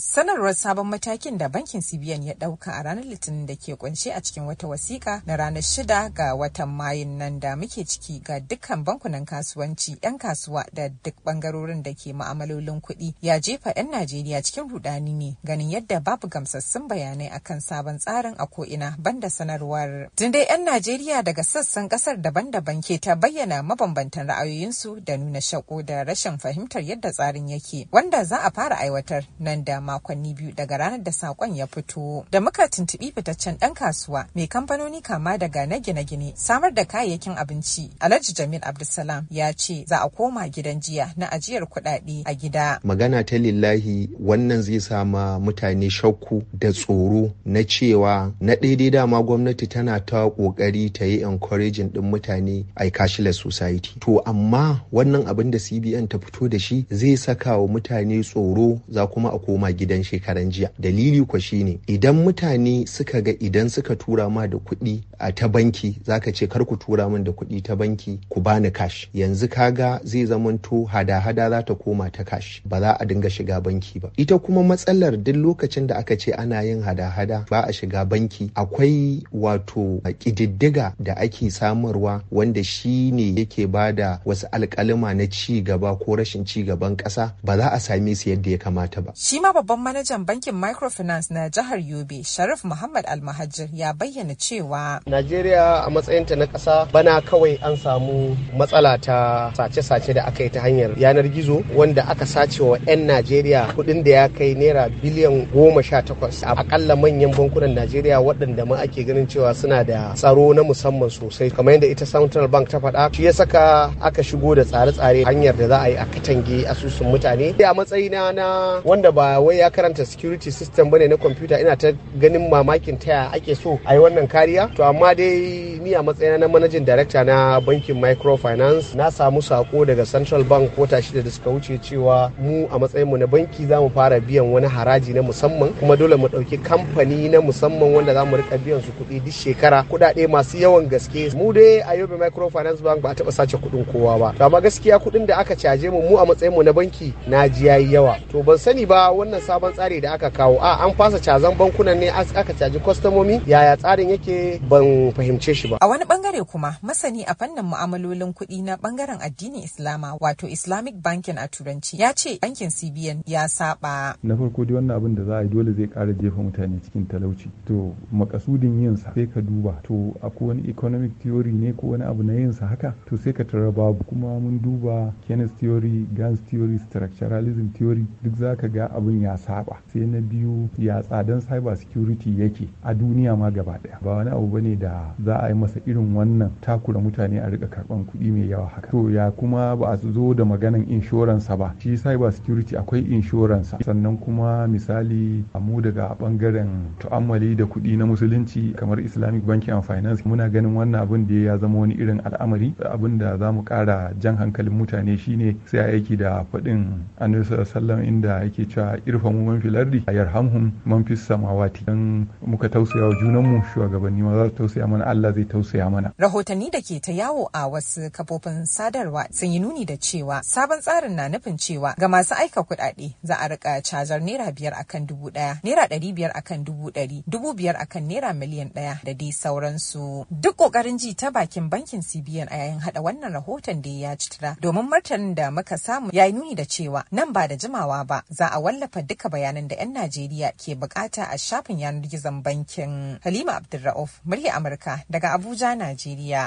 sanarwar sabon matakin da bankin cbn ya dauka a ranar litinin da ke kunshe a cikin wata wasiƙa na ranar shida ga watan mayun nan da muke ciki ga dukkan bankunan kasuwanci 'yan kasuwa da duk bangarorin da ke ma'amalolin kuɗi ya jefa 'yan najeriya cikin rudani ne ganin yadda babu gamsassun bayanai akan sabon tsarin a ko'ina banda sanarwar tun dai 'yan najeriya daga sassan kasar daban-daban ke ta bayyana mabambantan ra'ayoyinsu da nuna shako da rashin fahimtar yadda tsarin yake wanda za a fara aiwatar nan da makonni biyu daga ranar da sakon ya fito. Da muka tuntuɓi fitaccen ɗan kasuwa mai kamfanoni kama daga na gine-gine samar da kayayyakin abinci Alhaji Jamil Abdulsalam ya ce za a koma gidan jiya na ajiyar kuɗaɗe a gida. Magana ta lillahi wannan zai sama mutane shakku da tsoro na cewa na daidai dama gwamnati tana ta ƙoƙari ta yi encouraging ɗin mutane a cashless society. To amma wannan abin da CBN ta fito da shi zai saka wa mutane tsoro za kuma a koma gidan shekaran jiya dalili kwa ne. idan mutane suka ga idan suka tura ma da kuɗi a ta banki zaka ce kar ku tura min da kuɗi ta banki ku bani cash yanzu kaga zai zamanto hada-hada za ta koma ta cash ba za a dinga shiga banki ba ita kuma matsalar duk lokacin da aka ce ana yin hada-hada ba a shiga banki akwai wato ƙididdiga da ake samarwa wanda shi ne yake ba da wasu alƙalima na ci gaba ko rashin ci gaban ƙasa ba za a same su yadda ya kamata ba. babban manajan bankin microfinance na jihar Yobe, Sharif Muhammad Almahajir ya bayyana cewa. Najeriya a matsayinta na kasa bana kawai an samu matsala ta sace-sace da aka yi ta hanyar yanar gizo wanda aka sace wa 'yan Najeriya kuɗin da ya kai naira biliyan goma sha takwas a akalla manyan bankunan Najeriya waɗanda ma ake ganin cewa suna da tsaro na musamman sosai kamar yadda ita Central Bank ta faɗa shi ya saka aka shigo da tsare-tsare hanyar da za a yi a katange asusun mutane. A matsayina na wanda ba wai ya karanta security system bane na computer ina ta ganin mamakin taya ake so a yi wannan kariya to amma dai ni a matsayina na manajin director na bankin microfinance na samu sako daga central bank ko tashi da suka wuce cewa mu a matsayinmu na banki za mu fara biyan wani haraji na musamman kuma dole mu ɗauki kamfani na musamman wanda za mu rika biyan su kuɗi duk shekara kuɗaɗe masu yawan gaske mu dai a yobe microfinance bank ba a taɓa sace kuɗin kowa ba to amma gaskiya kuɗin da aka caje mu mu a mu na banki na ji yayi yawa to ban sani ba wannan wannan sabon tsari da aka kawo a an fasa cazan bankunan ne aka caji kwastomomi yaya tsarin yake ban fahimce shi ba a wani bangare kuma masani a fannin mu'amalolin kuɗi na bangaren addinin islama wato islamic bankin a turanci ya ce bankin cbn ya saba na farko dai wannan abin da za a yi dole zai kara jefa mutane cikin talauci to makasudin yin sa sai ka duba to akwai wani economic theory ne ko wani abu na yin sa haka to sai ka tara babu kuma mun duba Keynes theory Gans theory structuralism theory duk za ka ga abin ya ya saba sai na biyu ya tsadan cyber security yake a duniya ma gaba daya ba wani abu bane da za a yi masa irin wannan takura mutane a rika karban kuɗi mai yawa haka to ya kuma ba a zo da maganan insurance ba shi cyber security akwai insurance sannan kuma misali mu daga bangaren tu'ammali da kuɗi na musulunci kamar islamic banking and finance muna ganin wannan abin da ya zama wani irin al'amari abin da za mu kara jan hankalin mutane shine sai a aiki da faɗin annabi sallallahu alaihi wasallam inda yake cewa yarhamu man fil ardi yarhamhum man fis samawati dan muka tausaya wa junanmu shugabanni ma za su tausaya mana Allah zai tausaya mana rahotanni da ke ta yawo a wasu kafofin sadarwa sun yi nuni da cewa sabon tsarin na nufin cewa ga masu aika kuɗaɗe za a rika cajar naira biyar akan dubu ɗaya naira ɗari biyar akan dubu ɗari dubu biyar akan naira miliyan ɗaya da dai sauransu duk ƙoƙarin ji ta bakin bankin cbn a yayin haɗa wannan rahoton da ya ci domin martanin da muka samu ya yi nuni da cewa nan ba da jimawa ba za a wallafa duka bayanan da 'yan Najeriya ke bukata a shafin yanar gizon bankin. Halima Abdulra'uf, murya Amurka daga Abuja, Najeriya.